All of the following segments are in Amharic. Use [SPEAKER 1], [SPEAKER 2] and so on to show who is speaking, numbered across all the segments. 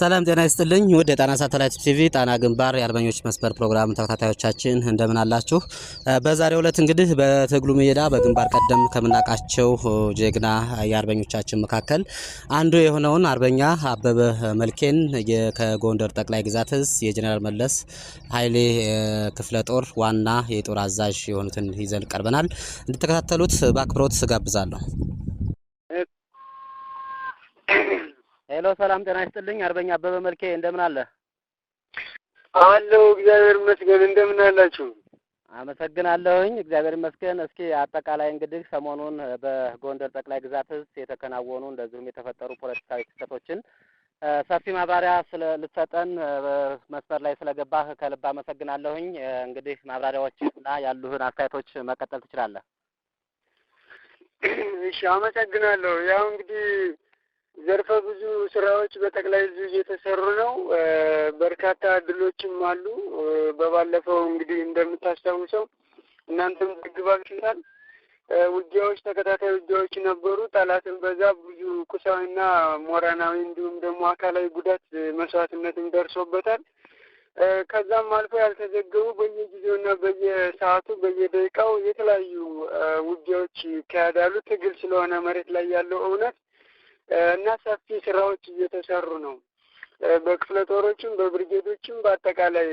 [SPEAKER 1] ሰላም ጤና ይስጥልኝ ውድ የጣና ሳተላይት ቲቪ ጣና ግንባር የአርበኞች መስመር ፕሮግራም ተከታታዮቻችን እንደምን አላችሁ? በዛሬው ዕለት እንግዲህ በትግሉ ሜዳ በግንባር ቀደም ከምናውቃቸው ጀግና የአርበኞቻችን መካከል አንዱ የሆነውን አርበኛ አበበ መልኬን ከጎንደር ጠቅላይ ግዛት እዝ የጀኔራል መለስ ኃይሌ ክፍለ ጦር ዋና የጦር አዛዥ የሆኑትን ይዘን ቀርበናል። እንድትከታተሉት በአክብሮት ጋብዛለሁ።
[SPEAKER 2] ሄሎ፣ ሰላም ጤና ይስጥልኝ። አርበኛ አበበ መልኬ እንደምን አለ?
[SPEAKER 3] አለው እግዚአብሔር ይመስገን። እንደምን አላችሁ?
[SPEAKER 2] አመሰግናለሁኝ። እግዚአብሔር ይመስገን። እስኪ አጠቃላይ እንግዲህ ሰሞኑን በጎንደር ጠቅላይ ግዛት ህዝብ የተከናወኑ እንደዚሁም የተፈጠሩ ፖለቲካዊ ክስተቶችን ሰፊ ማብራሪያ ስለ ልትሰጠን መስመር ላይ ስለገባህ ከልብ አመሰግናለሁኝ። እንግዲህ ማብራሪያዎች እና ያሉህን አስተያየቶች መቀጠል ትችላለህ።
[SPEAKER 3] እሺ፣ አመሰግናለሁ። ያው እንግዲህ ዘርፈ ብዙ ስራዎች በጠቅላይ ዙ እየተሰሩ ነው። በርካታ ድሎችም አሉ። በባለፈው እንግዲህ እንደምታስታውሰው እናንተም ዘግባችሁታል። ውጊያዎች፣ ተከታታይ ውጊያዎች ነበሩ። ጠላትን በዛ ብዙ ቁሳዊና ሞራናዊ እንዲሁም ደግሞ አካላዊ ጉዳት መስዋዕትነትም ደርሶበታል። ከዛም አልፎ ያልተዘገቡ በየጊዜውና በየሰዓቱ በየደቂቃው የተለያዩ ውጊያዎች ይካሄዳሉ። ትግል ስለሆነ መሬት ላይ ያለው እውነት እና ሰፊ ስራዎች እየተሰሩ ነው። በክፍለ ጦሮችም በብርጌዶችም በአጠቃላይ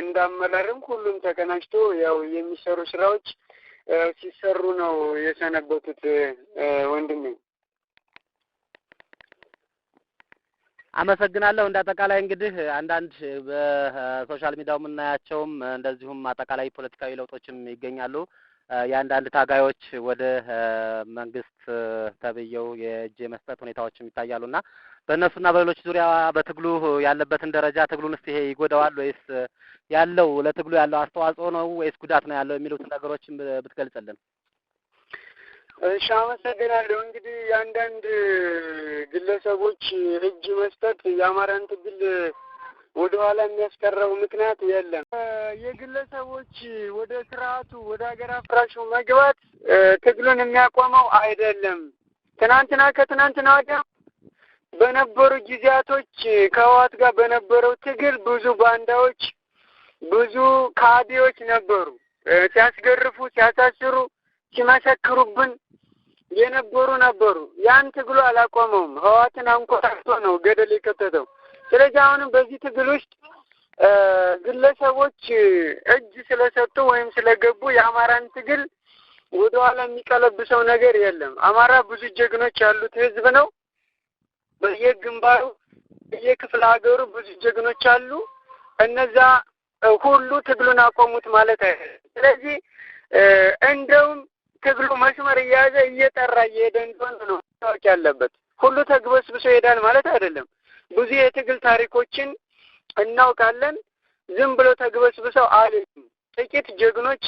[SPEAKER 3] እንዳመራርም ሁሉም ተቀናጅቶ ያው የሚሰሩ ስራዎች ሲሰሩ ነው የሰነበቱት። ወንድሜ
[SPEAKER 2] አመሰግናለሁ። እንደ አጠቃላይ እንግዲህ አንዳንድ በሶሻል ሚዲያው የምናያቸውም እንደዚሁም አጠቃላይ ፖለቲካዊ ለውጦችም ይገኛሉ። የአንዳንድ ታጋዮች ወደ መንግስት ተብየው የእጅ የመስጠት ሁኔታዎችም ይታያሉና በእነሱና በሌሎች ዙሪያ በትግሉ ያለበትን ደረጃ ትግሉን ስ ይሄ ይጎዳዋል ወይስ ያለው ለትግሉ ያለው አስተዋጽኦ ነው ወይስ ጉዳት ነው ያለው የሚሉት ነገሮችን ብትገልጽልን።
[SPEAKER 3] እሺ፣ አመሰግናለሁ። እንግዲህ የአንዳንድ ግለሰቦች እጅ መስጠት የአማራን ትግል ወደ ኋላ የሚያስቀረው ምክንያት የለም። የግለሰቦች ወደ ስርዓቱ ወደ ሀገር አፍራሹ መግባት ትግሉን የሚያቆመው አይደለም። ትናንትና ከትናንትና ወዲያ በነበሩ ጊዜያቶች ከህወሓት ጋር በነበረው ትግል ብዙ ባንዳዎች፣ ብዙ ካቢዎች ነበሩ ሲያስገርፉ፣ ሲያሳስሩ፣ ሲመሰክሩብን የነበሩ ነበሩ። ያን ትግሉ አላቆመውም። ህወሓትን አንኮታቶ ነው ገደል የከተተው። ስለዚህ አሁንም በዚህ ትግል ውስጥ ግለሰቦች እጅ ስለሰጡ ወይም ስለገቡ የአማራን ትግል ወደኋላ የሚቀለብሰው ነገር የለም። አማራ ብዙ ጀግኖች ያሉት ህዝብ ነው። በየግንባሩ በየክፍለ ሀገሩ ብዙ ጀግኖች አሉ። እነዛ ሁሉ ትግሉን አቆሙት ማለት አይደለም። ስለዚህ እንደውም ትግሉ መስመር እያያዘ እየጠራ እየሄደ እንደሆነ ነው ታወቅ ያለበት። ሁሉ ተግበስብሶ ይሄዳል ማለት አይደለም። ብዙ የትግል ታሪኮችን እናውቃለን። ዝም ብሎ ተግበስብሰው አልም ጥቂት ጀግኖች፣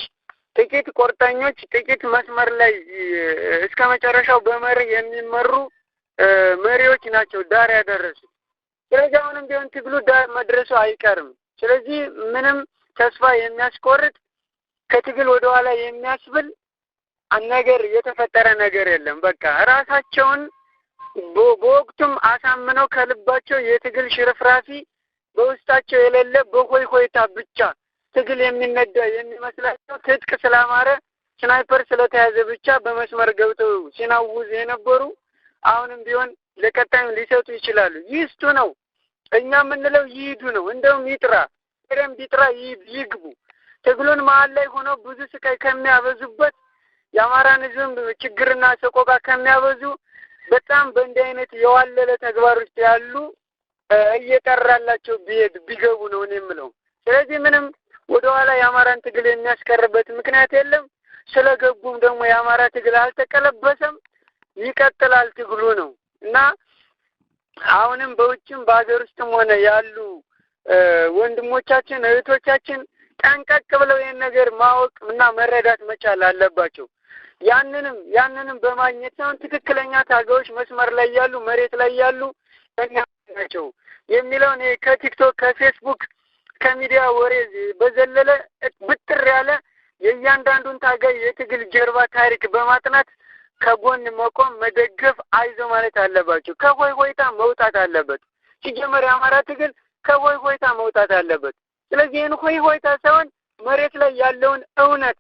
[SPEAKER 3] ጥቂት ቆርጠኞች፣ ጥቂት መስመር ላይ እስከ መጨረሻው በመሪ የሚመሩ መሪዎች ናቸው ዳር ያደረሱ። ስለዚህ አሁንም ቢሆን ትግሉ ዳር መድረሱ አይቀርም። ስለዚህ ምንም ተስፋ የሚያስቆርጥ ከትግል ወደኋላ የሚያስብል ነገር የተፈጠረ ነገር የለም። በቃ ራሳቸውን በወቅቱም አሳምነው ከልባቸው የትግል ሽርፍራፊ በውስጣቸው የሌለ በሆይ ሆይታ ብቻ ትግል የሚነዳ የሚመስላቸው ትጥቅ ስላማረ ስናይፐር ስለተያዘ ብቻ በመስመር ገብተው ሲናውዝ የነበሩ አሁንም ቢሆን ለቀጣዩ ሊሰጡ ይችላሉ። ይስቱ ነው እኛ የምንለው ይሂዱ ነው። እንደውም ይጥራ ቅደም ቢጥራ ይግቡ። ትግሉን መሀል ላይ ሆነው ብዙ ስቃይ ከሚያበዙበት የአማራን ሕዝብም ችግርና ሰቆቃ ከሚያበዙ በጣም በእንዲህ አይነት የዋለለ ውስጥ ያሉ እየቀራላቸው ቢሄድ ቢገቡ ነው እኔ የምለው። ስለዚህ ምንም ወደኋላ የአማራን ትግል የሚያስቀርበት ምክንያት የለም። ስለገቡም ደግሞ የአማራ ትግል አልተቀለበሰም፣ ይቀጥላል ትግሉ ነው እና አሁንም በውጭም በሀገር ውስጥም ሆነ ያሉ ወንድሞቻችን እህቶቻችን ጠንቀቅ ብለው ይህን ነገር ማወቅ እና መረዳት መቻል አለባቸው። ያንንም ያንንም በማግኘት ሳይሆን ትክክለኛ ታጋዮች መስመር ላይ ያሉ መሬት ላይ ያሉ ናቸው የሚለውን ከቲክቶክ ከፌስቡክ ከሚዲያ ወሬ በዘለለ ብጥር ያለ የእያንዳንዱን ታጋይ የትግል ጀርባ ታሪክ በማጥናት ከጎን መቆም፣ መደገፍ፣ አይዞ ማለት አለባቸው። ከሆይ ሆይታ መውጣት አለበት። ሲጀመር የአማራ ትግል ከሆይ ሆይታ መውጣት አለበት። ስለዚህ ይህን ሆይ ሆይታ ሳይሆን መሬት ላይ ያለውን እውነት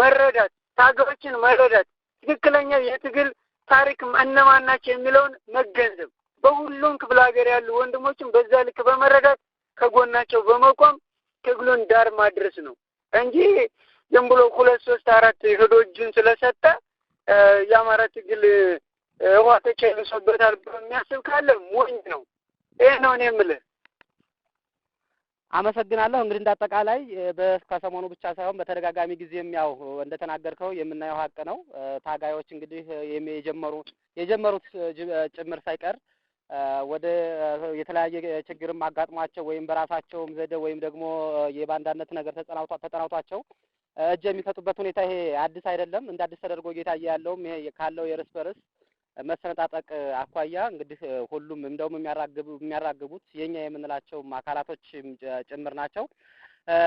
[SPEAKER 3] መረዳት ታጋዮችን መረዳት፣ ትክክለኛ የትግል ታሪክ እነማን ናቸው የሚለውን መገንዘብ፣ በሁሉም ክፍለ ሀገር ያሉ ወንድሞችን በዛ ልክ በመረዳት ከጎናቸው በመቆም ትግሉን ዳር ማድረስ ነው እንጂ ዝም ብሎ ሁለት ሶስት አራት ሄዶ እጁን ስለሰጠ የአማራ ትግል ውሃ ተቸልሶበታል ብሎ የሚያስብ ካለ ሞኝ ነው። ይህ ነው እኔ የምልህ።
[SPEAKER 2] አመሰግናለሁ። እንግዲህ እንዳጠቃላይ ከሰሞኑ ብቻ ሳይሆን በተደጋጋሚ ጊዜም ያው እንደተናገርከው የምናየው ሀቅ ነው። ታጋዮች እንግዲህ የጀመሩ የጀመሩት ጭምር ሳይቀር ወደ የተለያየ ችግርም አጋጥሟቸው ወይም በራሳቸውም ዘዴ ወይም ደግሞ የባንዳነት ነገር ተጠናውቷቸው እጅ የሚሰጡበት ሁኔታ ይሄ አዲስ አይደለም። እንደ አዲስ ተደርጎ ጌታ ያለውም ይሄ ካለው የርስ በርስ መሰነጣጠቅ አኳያ እንግዲህ ሁሉም እንደውም የሚያራግቡት የኛ የምንላቸውም አካላቶች ጭምር ናቸው።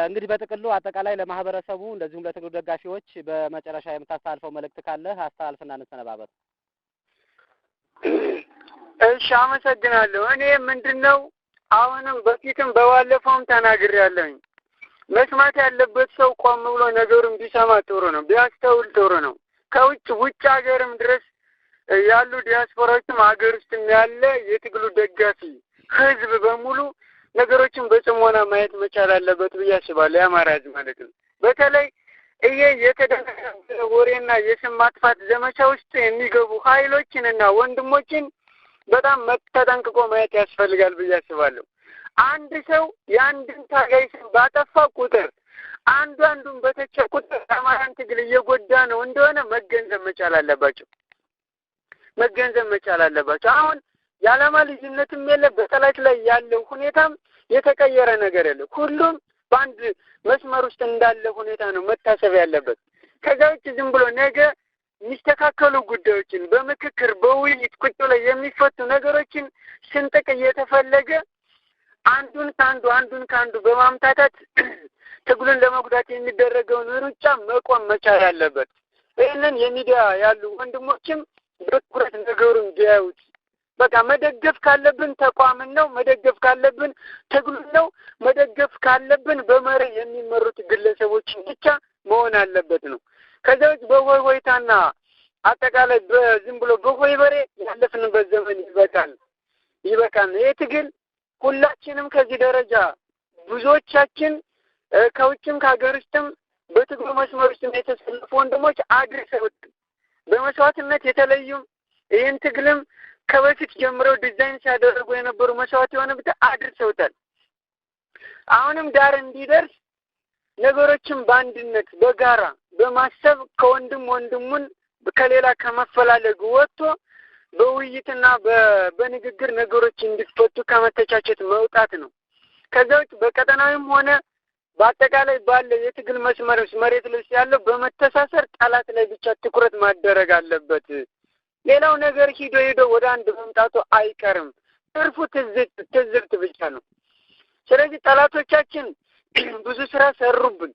[SPEAKER 2] እንግዲህ በጥቅሉ አጠቃላይ ለማህበረሰቡ እንደዚሁም ለትግሉ ደጋፊዎች በመጨረሻ የምታስተላልፈው መልእክት ካለ አስተላልፍና እንሰነባበት።
[SPEAKER 3] እሺ፣ አመሰግናለሁ። እኔ ምንድን ነው አሁንም በፊትም በባለፈውም ተናግሬያለሁኝ። መስማት ያለበት ሰው ቆም ብሎ ነገሩን ቢሰማ ጥሩ ነው፣ ቢያስተውል ጥሩ ነው። ከውጭ ውጭ ሀገርም ድረስ ያሉ ዲያስፖራዎችም ሀገር ውስጥም ያለ የትግሉ ደጋፊ ህዝብ በሙሉ ነገሮችን በጽሞና ማየት መቻል አለበት ብዬ አስባለሁ። የአማራ ህዝብ ማለት ነው። በተለይ ይሄ የተደረገ ወሬና የስም ማጥፋት ዘመቻ ውስጥ የሚገቡ ኃይሎችንና ወንድሞችን በጣም ተጠንቅቆ ማየት ያስፈልጋል ብዬ አስባለሁ። አንድ ሰው የአንድን ታጋይ ስም ባጠፋ ቁጥር አንዱ አንዱን በተቸ ቁጥር አማራን ትግል እየጎዳ ነው እንደሆነ መገንዘብ መቻል አለባቸው። መገንዘብ መቻል አለባቸው። አሁን የዓላማ ልዩነትም የለም። በጠላት ላይ ያለው ሁኔታም የተቀየረ ነገር የለም። ሁሉም በአንድ መስመር ውስጥ እንዳለ ሁኔታ ነው መታሰብ ያለበት። ከዛ ውጭ ዝም ብሎ ነገ የሚስተካከሉ ጉዳዮችን በምክክር በውይይት ቁጭ ላይ የሚፈቱ ነገሮችን ስንጥቅ እየተፈለገ አንዱን ከአንዱ አንዱን ከአንዱ በማምታታት ትግሉን ለመጉዳት የሚደረገውን ሩጫ መቆም መቻል አለበት። ይህንን የሚዲያ ያሉ ወንድሞችም በትኩረት ነገሩ እንዲያዩት በቃ መደገፍ ካለብን ተቋምን ነው፣ መደገፍ ካለብን ትግሉን ነው፣ መደገፍ ካለብን በመሪ የሚመሩት ግለሰቦችን ብቻ መሆን አለበት ነው። ከዚያ ውጭ በሆይ ሆይታና አጠቃላይ በዝም ብሎ በሆይ በሬ ያለፍንበት ዘመን ይበቃል፣ ይበቃል። ይህ ትግል ሁላችንም ከዚህ ደረጃ ብዙዎቻችን ከውጭም ከሀገር ውስጥም በትግሉ መስመር ውስጥ የተሰለፉ ወንድሞች አድርሰውት በመስዋዕትነት የተለዩም ይህን ትግልም ከበፊት ጀምረው ዲዛይን ሲያደርጉ የነበሩ መስዋዕት የሆነ ብቻ አድርሰውታል። አሁንም ዳር እንዲደርስ ነገሮችን በአንድነት በጋራ በማሰብ ከወንድም ወንድሙን ከሌላ ከመፈላለግ ወጥቶ በውይይትና በንግግር ነገሮች እንዲፈቱ ከመተቻቸት መውጣት ነው። ከዛ ውጭ በቀጠናዊም ሆነ በአጠቃላይ ባለ የትግል መስመሮች መሬት ልብስ ያለው በመተሳሰር ጠላት ላይ ብቻ ትኩረት ማደረግ አለበት። ሌላው ነገር ሂዶ ሂዶ ወደ አንድ መምጣቱ አይቀርም። ትርፉ ትዝብት ትዝብት ብቻ ነው። ስለዚህ ጠላቶቻችን ብዙ ስራ ሰሩብን።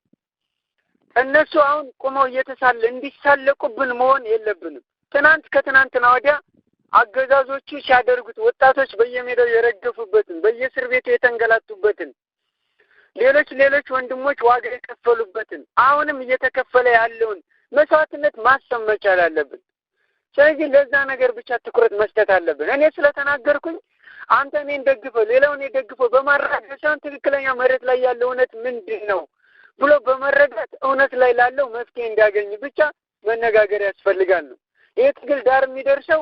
[SPEAKER 3] እነሱ አሁን ቁመው እየተሳለ እንዲሳለቁብን መሆን የለብንም። ትናንት ከትናንትና ወዲያ አገዛዞቹ ሲያደርጉት ወጣቶች በየሜዳው የረገፉበትን በየእስር ቤቱ የተንገላቱበትን ሌሎች ሌሎች ወንድሞች ዋጋ የከፈሉበትን አሁንም እየተከፈለ ያለውን መስዋዕትነት ማሰብ መቻል አለብን። ስለዚህ ለዛ ነገር ብቻ ትኩረት መስጠት አለብን። እኔ ስለተናገርኩኝ አንተ እኔን ደግፈው ሌላውን የደግፈው በማራገጥ ሳይሆን ትክክለኛ መሬት ላይ ያለ እውነት ምንድን ነው ብሎ በመረዳት እውነት ላይ ላለው መፍትሄ እንዲያገኝ ብቻ መነጋገር ያስፈልጋሉ። ይህ ትግል ዳር የሚደርሰው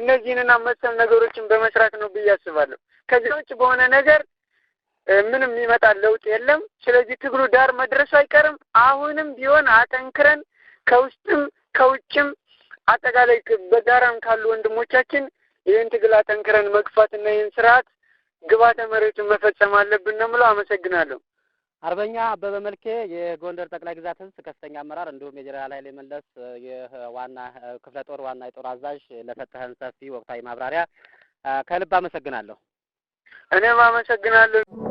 [SPEAKER 3] እነዚህንና መሰል ነገሮችን በመስራት ነው ብዬ አስባለሁ። ከዚህ ውጭ በሆነ ነገር ምንም የሚመጣ ለውጥ የለም። ስለዚህ ትግሉ ዳር መድረሱ አይቀርም። አሁንም ቢሆን አጠንክረን ከውስጥም ከውጭም አጠቃላይ በጋራም ካሉ ወንድሞቻችን ይህን ትግል አጠንክረን መግፋትና ይህን ስርዓት ግባተ መሬቱን መፈጸም አለብን ነው የምለው። አመሰግናለሁ።
[SPEAKER 2] አርበኛ አበበ መልኬ የጎንደር ጠቅላይ ግዛት ህዝብ ከፍተኛ አመራር እንዲሁም የጀኔራል ኃይሌ መለስ የዋና ክፍለ ጦር ዋና የጦር አዛዥ ለሰጠህን ሰፊ ወቅታዊ ማብራሪያ ከልብ አመሰግናለሁ።
[SPEAKER 3] እኔም አመሰግናለሁ።